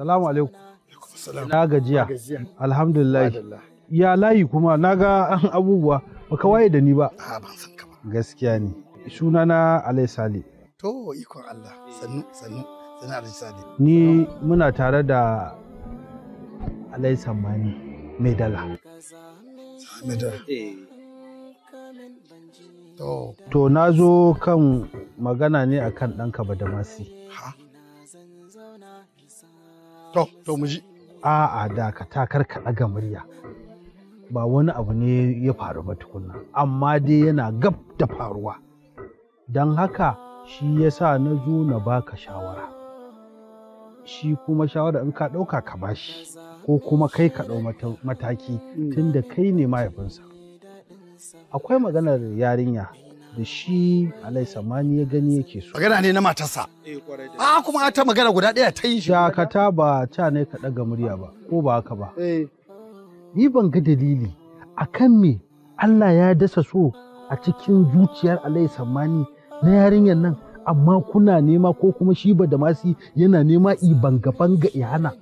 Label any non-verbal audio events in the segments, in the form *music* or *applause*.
Salamu alaikum. Na gajiya. Alhamdulillah. Ya layi kuma na ga abubuwa baka waye da ni ba. Gaskiya ne. Suna na Alai Sale. To ikon Allah sannu sannu sannu Alai Sale. Ni muna tare da Alai Samani mai dala. Mai dala. To na zo kan magana ne akan ɗanka Badamasi. Ha? To, to mu ji. A'a da ka takar ka ɗaga murya. Ba wani abu ne ya faru ba tukunna, amma dai yana gab da faruwa. Don haka shi ya sa na zo na baka shawara. Shi kuma shawara in ka ɗauka ka bashi, ko kuma kai ka ɗau mataki mm. tunda kai ne mahaifinsa. Akwai maganar yarinya da shi alai samani ya gani yake so magana ne na matarsa eh, a ah, kuma ta magana guda ɗaya ta yi shi shakata ba ta ne ka ɗaga murya ba ko ba haka ba eh. ni ban ga dalili A kan me Allah ya dasa so a cikin zuciyar alai samani na yarinyar nan amma kuna nema ko kuma shi ba da masi yana nema ibanga-banga ya hana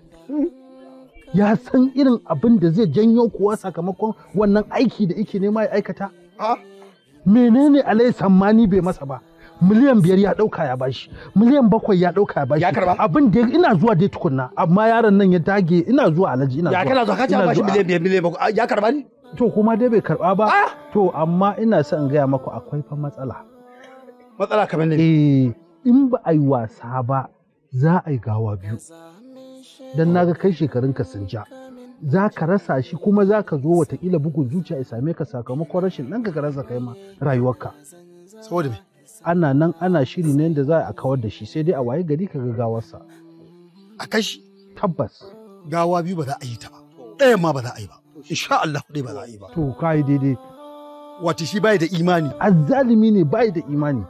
ya san irin abin da zai janyo kuwa sakamakon wannan aiki da ike nema ya aikata ah, menene alai sammani bai masa ba miliyan biyar ya dauka ya bashi miliyan bakwai ya dauka ya bashi ya karba abin da ina zuwa dai tukunna amma yaron nan ya dage ina zuwa alaji ina zuwa ya kana zuwa kace bashi miliyan biyar miliyan bakwai ya karba ni to kuma dai bai karba ba ah! to amma ina son gaya maku akwai fa matsala matsala kamar ne eh in ba a yi wasa ba za a yi gawa biyu dan naga kai shekarun ka sun ja za ka rasa shi kuma za ka zo watakila bugun zuciya ya same ka sakamakon rashin nan ka rasa kai ma rayuwarka. Saboda me? Ana nan ana shiri ne da za a kawar da shi sai dai a waye gari ka ga gawarsa. A kashi? Tabbas. Gawa biyu ba za a yi ta ba. Ɗayan ma ba za a yi ba. Insha Allah ɗaya ba za a yi ba. To ka yi daidai. Wata shi bai da imani. Azzalimi ne bai da imani.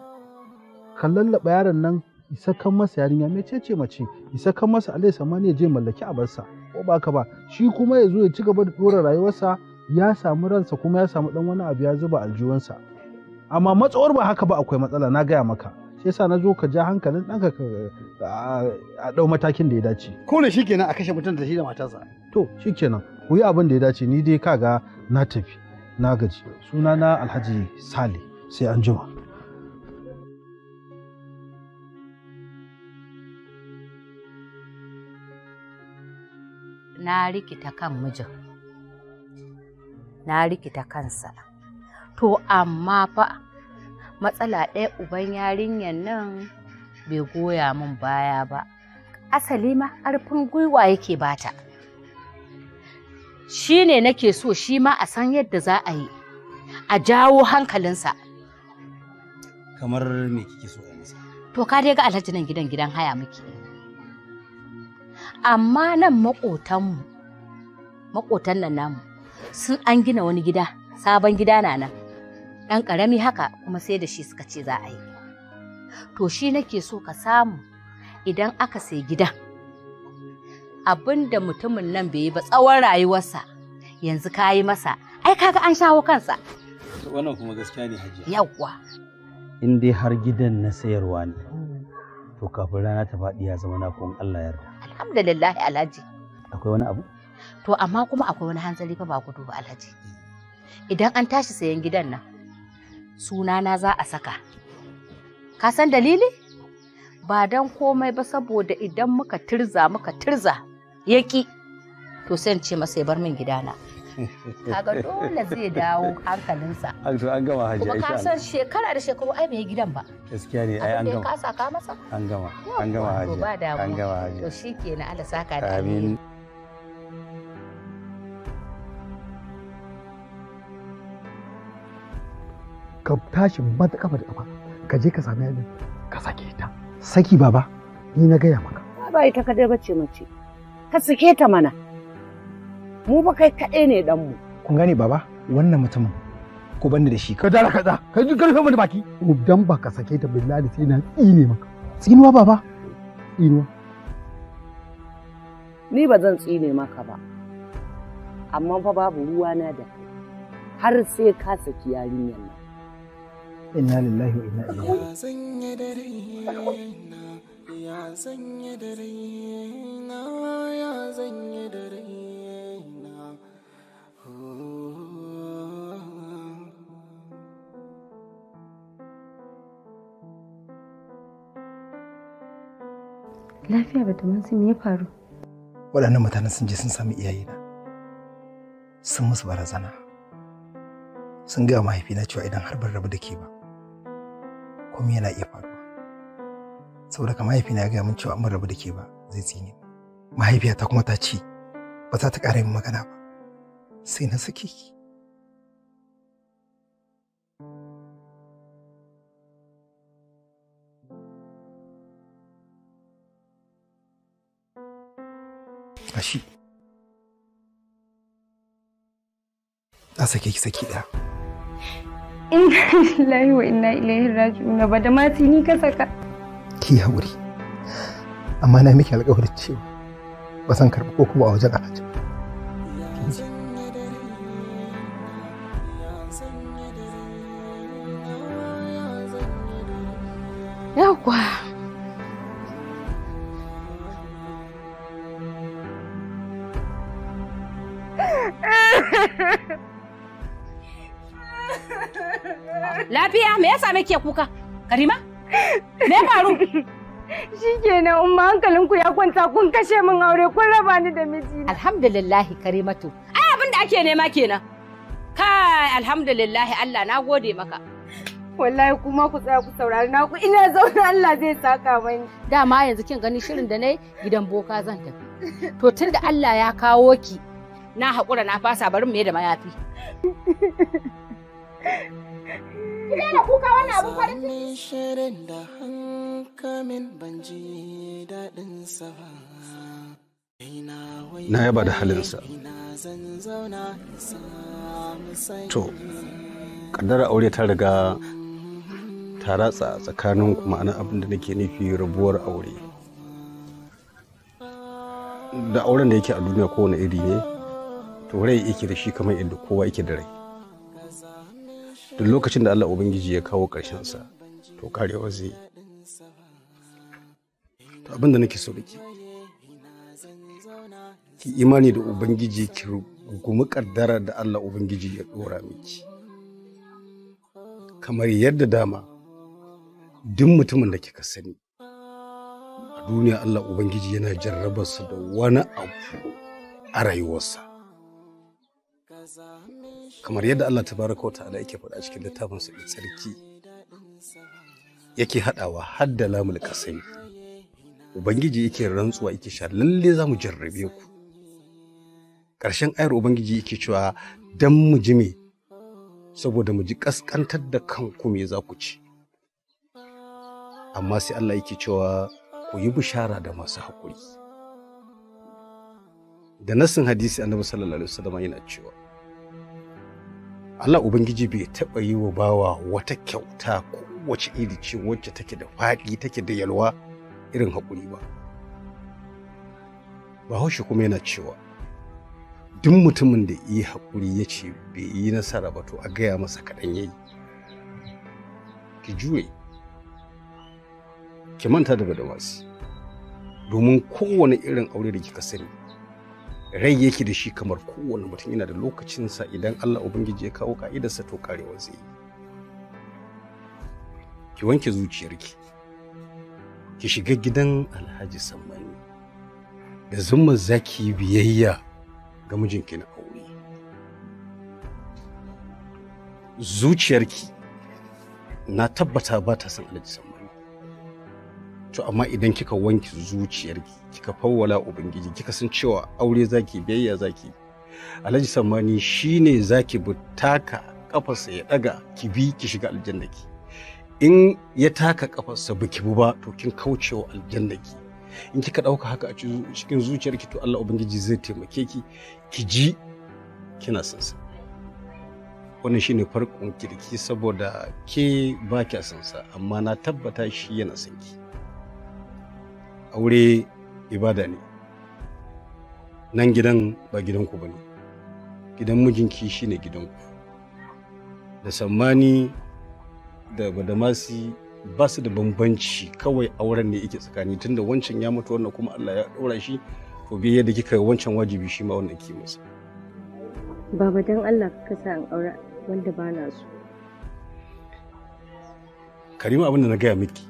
Ka lallaɓa yaron nan isa kan masa yarinya mece ce mace kan masa alai ne ya je mallaki abarsa. ko ba ka ba shi kuma ya zo ya ci gaba da dora rayuwarsa ya samu ransa kuma ya samu dan wani abu ya zuba aljiwansa amma matsawar ba haka ba akwai matsala na gaya maka shi yasa na zo ka ja hankalin ɗanka a ɗau matakin da ya dace ko ne shi kenan a kashe mutum da shi da matarsa to shi kenan ku yi abin da ya dace ni dai kaga na tafi na gaji suna na alhaji sale sai an jima na rikita kan mijin na rikita kansa to amma fa matsala ɗaya uban yarinyar nan bai goya min baya ba asali ma ƙarfin gwiwa yake bata shi ne nake so shi ma a san yadda za a yi a jawo hankalinsa kamar me kike so a masa to ka dai ga alhaji nan gidan gidan haya muke amma nan maƙotanmu maƙotan nan namu sun an gina wani gida sabon gida na nan ɗan ƙarami haka kuma sai da shi suka ce za a yi to shi nake so ka samu idan aka sai gidan abinda mutumin nan bai yi ba tsawon rayuwarsa yanzu ka yi masa ai kaga an shawo kansa wannan kuma gaskiya ne hajiya yawwa in dai har gidan na sayarwa ne to kafin rana ta faɗi ya zama na kun Allah yarda alhamdulillah alhaji akwai wani abu to amma kuma akwai wani hanzari fa ba ku duba alhaji idan an tashi sayan gidan nan sunana za a saka ka san dalili ba dan komai ba saboda idan muka tirza muka tirza yaki to sai in ce masa ya bar min gidana kaga dole zai dawo hankalinsa an to an gama hajji kuma ka san shekara da shekaru ai mai gidan ba gaskiya ne ai an gama ka saka masa an gama an gama hajji ba damu an gama hajji to shikenan Allah saka da amin ka tashi mata kafa da kafa ka je ka sami yadda ka sake ta saki baba ni na gaya maka Baba ita dai bace mace ka sake ta mana mu ba kai kaɗai ne dan mu kun gane baba wannan mutumin ko banda da shi ka dara kaza ka ji karfe mu da baki dan ba ka sake ta billahi sai na tsine maka tsinuwa baba tsinuwa ni ba zan tsine maka ba amma fa babu ruwa na da har sai ka saki yarinyar nan inna lillahi wa inna ilaihi ya sanya dare na ya sanya dare ya sanya dare Lafiya ba ta me ya faru? Waɗannan mutanen sun je sun sami na Sun musu barazana. Sun gaya mahaifina cewa idan har ban rabu da ke ba, komai yana iya faruwa. Saboda ka mahaifina ya gaya min cewa an rabu da ke ba zai tsine. Mahaifiyata kuma ta ce ba za ta ƙara yin magana ba. Sai na sake ki. sarrafa shi sake ki saki ɗaya inna lillahi wa inna ilaihi raji'un ba da mati ni ka saka ki haƙuri amma na miki alƙawarin cewa ba san karɓi ko kuma a wajen alhaji Lafiya me yasa muke kuka? Karima? Me faru? Shikenan umma hankalinku ya kwanta kun kashe min aure kun raba ni da miji. Alhamdulillah Karimatu. Ai abin da ake nema kenan. Kai alhamdulillah Allah na gode maka. Wallahi kuma ku tsaya ku saurari na ku ina zaune Allah zai saka mani. Dama yanzu kin gani shirin da nayi gidan boka zan tafi. To tunda Allah ya kawo ki na haƙura na fasa barin me da mayafi. na kuka wannan farin ciki. Shirin da hankamin daɗin sa Na yaba da halinsa. To, kaddara aure ta riga ta ratsa tsakanin kuma ana abin da nake nufi rabuwar aure. Da auren da yake a duniya kowane iri ne, to rai yake da shi kamar yadda kowa yake da rai duk lokacin da Allah Ubangiji ya kawo sa to karewa zai to abin da nake so da ki ki imani da Ubangiji ki gumi kaddara da Allah Ubangiji ya dora miki kamar yadda dama duk mutumin da kika sani a duniya Allah Ubangiji yana jarrabarsa da wani abu a rayuwarsa kamar yadda Allah Ta baraka wa ta'ala yake faɗa cikin littafin sa tsarki yake haɗawa har da lamul kasai ubangiji yake rantsuwa yake sha lalle za mu jarrabe ku ƙarshen ayar ubangiji yake cewa dan mu ji me saboda mu ji kaskantar da kanku me za ku ci amma sai Allah yake cewa ku yi bishara da masu haƙuri da nasin hadisi annabi sallallahu alaihi wasallam yana cewa Allah Ubangiji bai taɓa yi wa bawa wata kyauta ko wace iri ce wacce take da faɗi take da yalwa irin haƙuri ba. Bahaushe kuma yana cewa duk mutumin da yi haƙuri ya ce bai yi nasara ba to a gaya masa kaɗan yayi Ki jure, ki manta da badamasi, domin kowane irin aure da kika sani rai yake da shi kamar kowane mutum yana da lokacinsa idan Allah Ubangiji ya kawo ka'idarsa to karewa zai yi. Ki wanke zuciyarki, ki shiga gidan Alhaji Sammani, da zuma zaki biyayya ga mijinki na aure. Zuciyarki na tabbata ba ta san Alhaji Sammani. to amma idan kika wanke zuciyarki kika fawwala ubangiji kika san cewa aure zaki biyayya zaki alhaji sammani shine zaki bi taka kafarsa ya daga ki bi ki shiga aljannaki in ya taka kafarsa ba bu ba to kin kaucewa aljannaki in kika dauka haka a cikin zuciyarki to Allah ubangiji zai taimake ki ki ji kina son sa wannan shine farkon kirki saboda ke ba kya son sa amma na tabbata shi yana son ki aure ibada ne nan gidan ba gidanku ba ne gidan mijinki shine gidanku da sammani da badamasi ba su da bambanci kawai auren ne yake tsakani tunda wancan ya mutu wannan kuma Allah ya ɗora shi to bi yadda kika wancan wajibi shi ma wannan ke masa baba dan Allah ka sa an aure wanda ba na so Karima abin da na gaya miki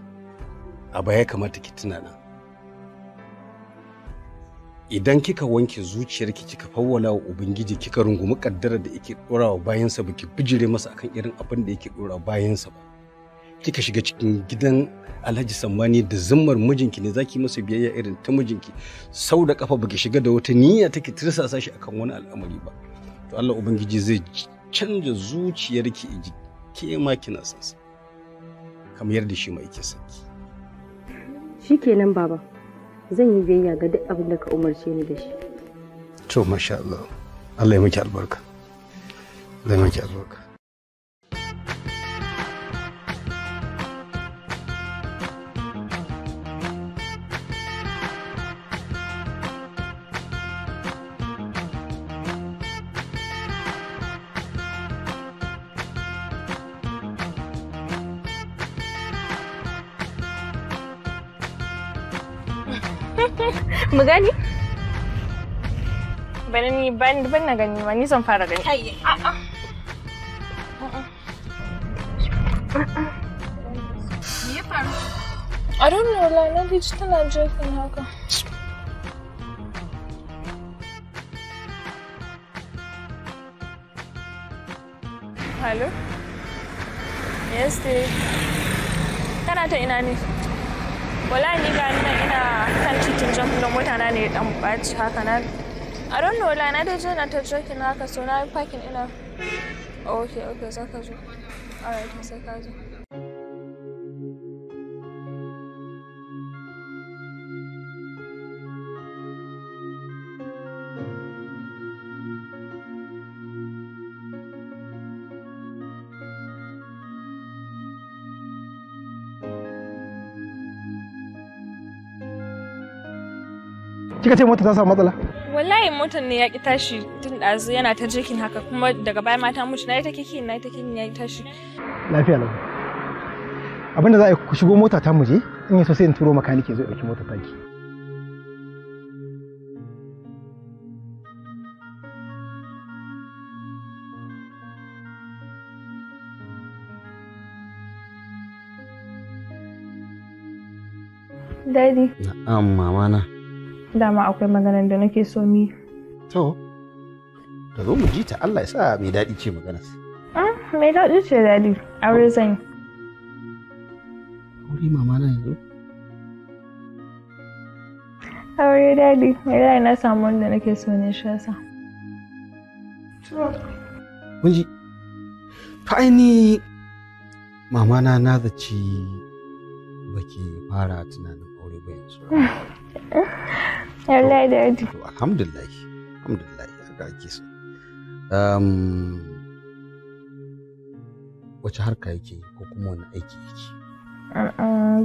a baya kamata ki tunana idan kika wanke zuciyarki kika fawwala wa ubangiji kika rungumi kaddara da yake dora wa bayansa ki bijire masa akan irin abin da yake dora bayansa ba kika shiga cikin gidan Alhaji Sammani da zimmar mijinki ne zaki masa biyayya irin ta mijinki sau da kafa baki shiga da wata niyya take tirsasa shi akan wani al'amari ba to Allah ubangiji zai canja zuciyarki inji ke ma kina son sa kamar yadda shi ma yake son ki shikenan baba zan yi biyayya ga duk abin da ka umarce ni da shi to masha Allah Allah ya miki albarka Allah ya miki albarka magani gani bana ni ban ban na gani ma ni zan fara gani ai a me ya faru I don't know, like, na ji tana joking haka. Hello? Yes, dear. Kana ta ina ne? wala ni ga ni ina kan cikin jan na mutane ne dan baci haka na a don nola na da je na ta joki na haka so na parking ina okay okay zaka zo alright sai ka zo kika ce mota ta samu matsala wallahi motar ne ya ki tashi tun ɗazu yana ta jikin haka kuma daga baya mata mutu na yi ta kiki na yi ta kiki ya yi tashi lafiya lau abin da za a yi ku shigo mota ta muje in yi so sai in turo makaniki zai ɗauki mota taki Daddy. Na'am mama na. dama akwai maganar da nake so mi to da zo mu ji ta Allah ya sa mai daɗi ce maganar ah, mai daɗi ce daɗi aure zan yi aure mama na yanzu aure daɗi mai daɗi na samu wanda nake so ne shi yasa Mun ji ta aini mama na na zaci baki fara tunanin aure ba yanzu *laughs* Wallahi da yadda. Alhamdulillah. Alhamdulillah. Haka ake so. Wace harka yake ko kuma wani aiki yake?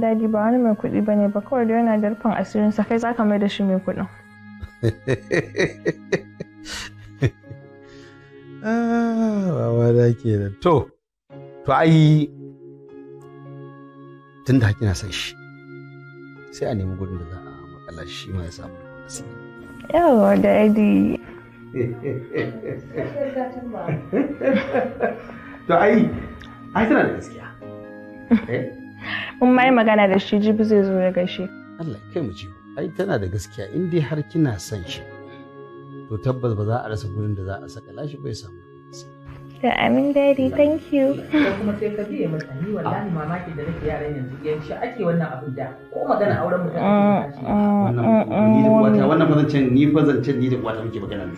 Dadi ba wani mai kuɗi ba ne ba kawai da yana da rufin asirin sa za ka mai da shi mai kuɗin. *laughs* Ah, baba da ke da to, to ai tun da haƙi na san shi sai a nemi gudun da za a makala shi ma ya samu Yawa Edi. Tu ai, ai eh? Mun mai magana da shi jibi zai zo ya gaishe. Allah kai Ai da in dai har kina son shi. To tabbas a rasa gurin da za saka Da amin daddy, thank you. Ko kuma sai ka biye mata ni wallahi mamaki da nake yaran yanzu yanzu ake wannan abin da ko magana auren mu ta tashi. Wannan mm, ni mm. wannan fa zancen ni fa zancen ni da uwata muke magana ne.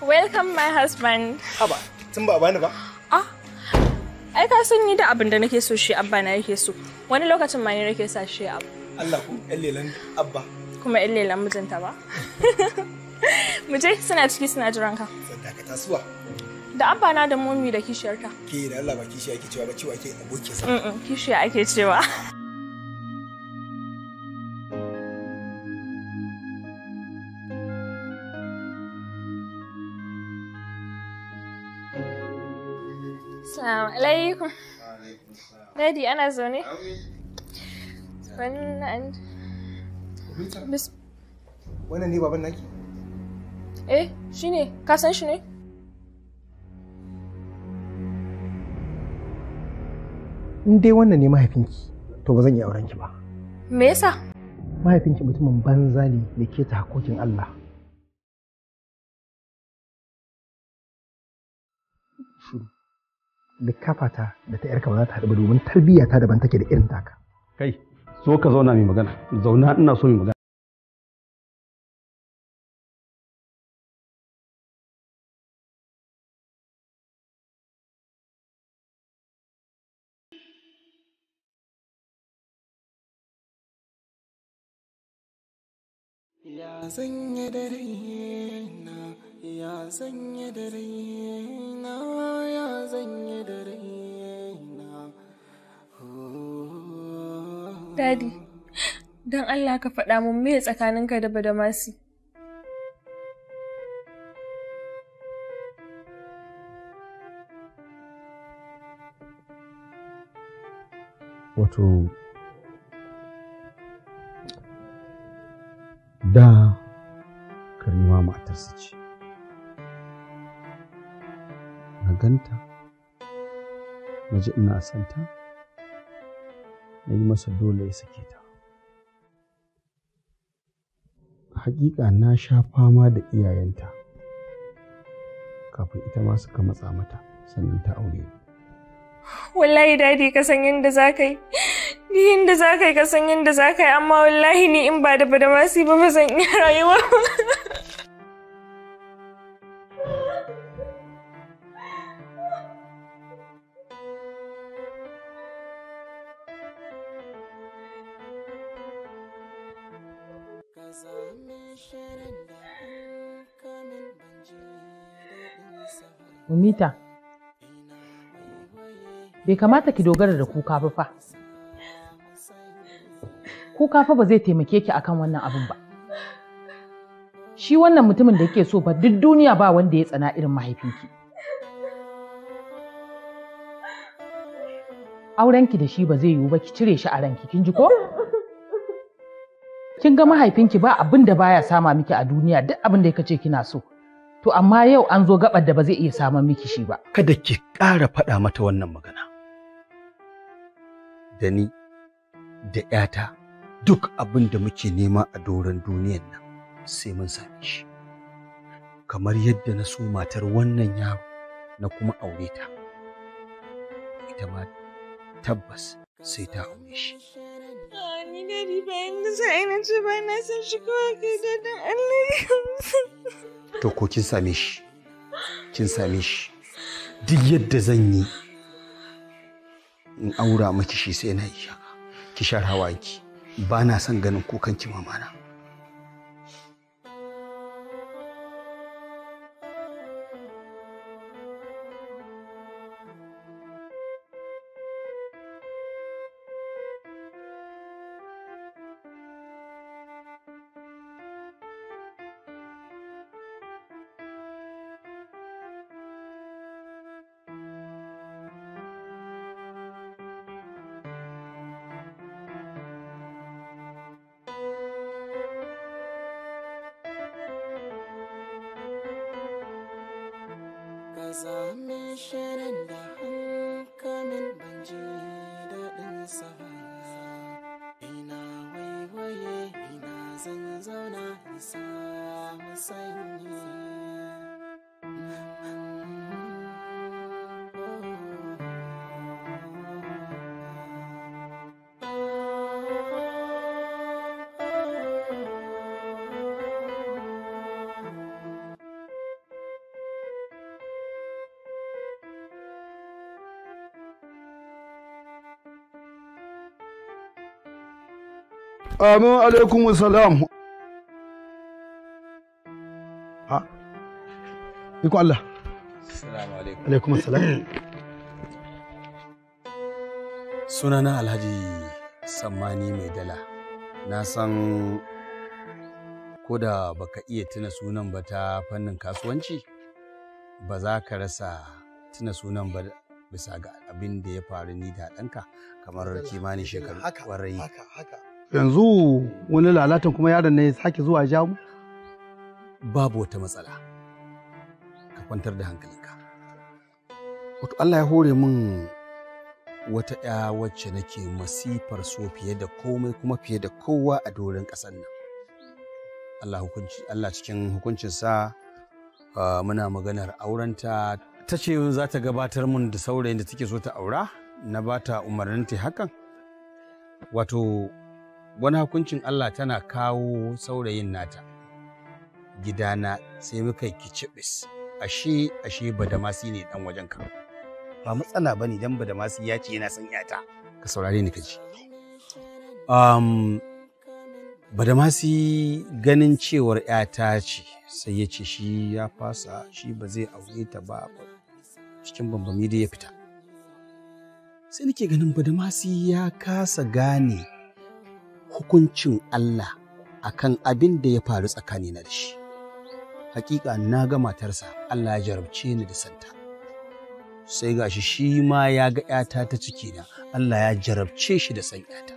Welcome my husband. Haba, tun ba bani ba? Ah, ai ka san ni da abin da nake so shi abba na yake so. Wani lokacin ma ni nake sa shi abu. Allah ku ƴan lelan abba. Kuma ƴan lelan mijinta ba. *laughs* *laughs* mu je suna ciki suna jiran ka sadaka ta suwa da abba na da momi da kishiyarta ke da Allah ba kishiya ake cewa ba cewa ake aboki sa kishiya ake cewa Assalamu alaikum. Daddy ana zaune? Wannan ne baban naki? eh shine ka san shi ne in dai wannan ne mahaifinki to ba zan iya auren ki ba me yasa mahaifinki mutumin banza ne da ke ta hakokin Allah likafata da ta yarka ba za ta haɗu ba domin tarbiyya ta daban take da irin taka kai so ka zauna mai magana zauna ina so mai magana Ya sanya da raina, ya sanya da raina, ya sanya da raina. Daddy, don Allah ka faɗa mun me tsakaninka da Badamasi. Wato da karima matarsa ce na ganta na ji ina santa na yi masa dole ya sake ta hakika na sha fama da iyayenta kafin ita ma suka matsa mata sannan ta aure wallahi dadi ka san yadda za ka yi yin da za ka yi ka san yadda za ka yi amma wallahi ni in ba da badamasi ba ba zan iya rayuwa. Umita, bai kamata ki dogara da kuka ba fa. kuka fa ba zai taimake ki akan wannan abin ba shi wannan mutumin da yake so ba duk duniya ba wanda ya tsana irin mahaifinki aurenki da shi ba zai yiwu ba ki cire shi a ranki kin ji ko kin ga mahaifinki ba abin da baya sama miki a duniya duk abin da ce kina so to amma yau an zo gabar da ba zai iya samun miki shi ba kada ki ƙara faɗa mata wannan magana da ni da 'yata duk abin da muke nema a doron duniyan nan sai mun same shi kamar yadda na so matar wannan yaro na kuma aure ta ita ma tabbas sai ta aure shi ni ri sa ina ce ba na san shi ko ke da dan Allah to ko kin same shi kin same shi duk yadda zan yi in aura miki shi sai na yi ki share ki ba na son ganin kukan kimamana na. azamin mu da hankalin ban da daɗinsa Amin alaikum salam. Ha? Iko Allah. Assalamu alaikum. Alaikum salam. Sunana Alhaji Sammani Mai Dala. Na san ko da baka iya tuna sunan ba ta fannin kasuwanci ba za ka rasa tuna sunan ba bisa ga abin da ya faru ni da ɗanka kamar kimanin shekaru ƙwarai. Haka, haka, haka. yanzu wani lalatan kuma yaron ne sake zuwa ja mu babu wata matsala ka kwantar da hankalinka wato Allah ya hore min wata ya wacce nake masifar so fiye da komai kuma fiye da kowa a doron ƙasar nan Allah hukunci Allah cikin hukuncinsa sa muna maganar aurenta ta ce za ta gabatar mun da saurayin da take so ta aura na bata umarnin hakan wato wani hukuncin Allah tana kawo saurayin nata gidana sai muka yi kicibis ashe ashe badamasi ne dan wajen ka ba matsala ba ne dan badamasi ya ce yana son yata ka saurare ni ka ji um, badamasi ganin cewar yata ce sai ya ce shi ya fasa shi ba zai aure ta ba cikin bambami da ya fita sai nake ganin badamasi ya kasa gane hukuncin Allah akan abin da ya faru tsakani na da shi. Hakika na ga matarsa Allah ya jarabce ni da santa. Sai gashi shi ma ya ga ‘yata ta ciki na Allah ya jarabce shi da san ‘yata.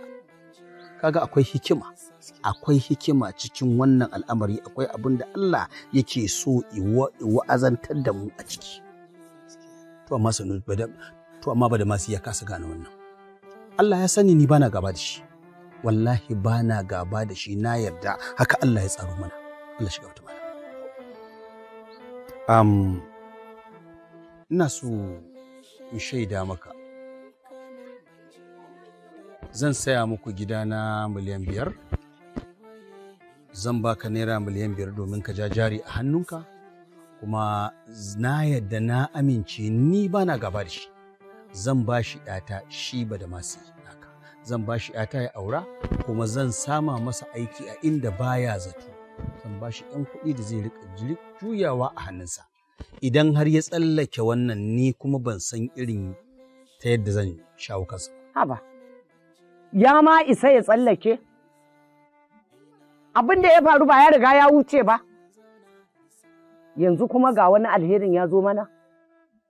Kaga akwai hikima, akwai hikima cikin wannan al'amari akwai abin da Allah yake so wa'azantar da mu a ciki. To amma ba da masu ya kasa gane wannan. Allah ya sani ni bana gaba da shi. wallahi ba na gaba da shi na yarda haka Allah ya tsaro mana Allah shiga wata mana um, ina so in shaida maka zan saya muku gida na miliyan biyar zan baka naira miliyan biyar domin ka ja jari a hannunka kuma na yadda na amince ni ba na gaba da shi zan ba shi ɗata shi ba da masu yi zan ba shi ta ya aura kuma zan sama masa aiki a inda baya zato zan ba shi 'yan kuɗi da zai riƙa juyawa a hannunsa idan har ya tsallake wannan ni kuma ban san irin ta yadda zan shawo kansa. Haba, ya ma isa ya tsallake? Abin da ya faru ba ya riga ya wuce ba. Yanzu kuma ga wani alherin ya zo mana,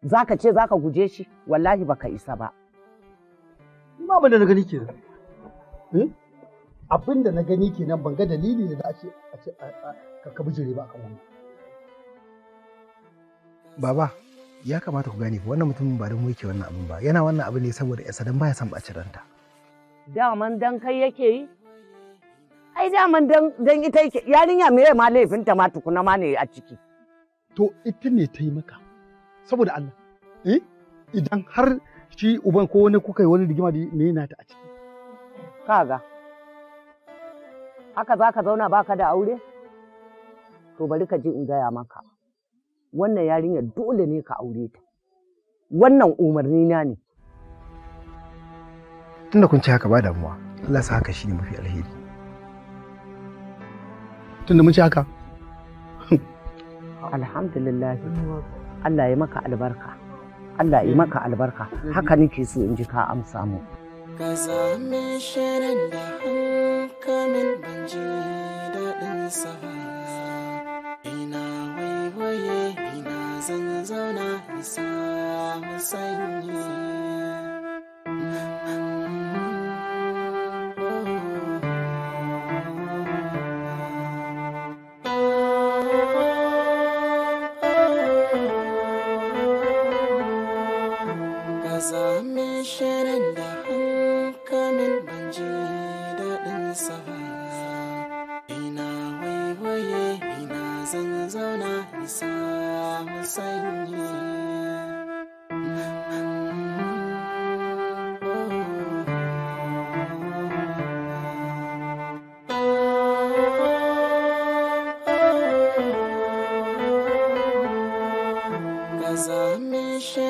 za ka ce za ka guje shi, wallahi baka isa ba. ma abin da na gani kenan eh? abin da na gani ke ban ga dalili da za a ce a ce ka ka bijire ba a akan wannan baba ya kamata ku gane fa wannan mutumin ba don muke wannan abin ba yana wannan abin ne saboda yasa dan baya son bacin ranta daman dan kai yake yi ai daman dan dan ita yake yarinya me ma laifinta ma tukuna ma ne a ciki to ita ne ta yi maka saboda Allah eh idan har shi uban ko wani kuka yi wani rigima da me yana ta a ciki kaga haka za ka zauna baka da aure to bari ka je in gaya maka wannan yarinyar dole ne ka aure ta wannan umarni na ne tunda kun ce haka ba damuwa Allah sa haka shine mafi alheri tunda mun ce haka alhamdulillah Allah ya maka albarka Allah yi mm. maka albarka haka nake so in ji ka amsa mu. Ka sami shirin da 是。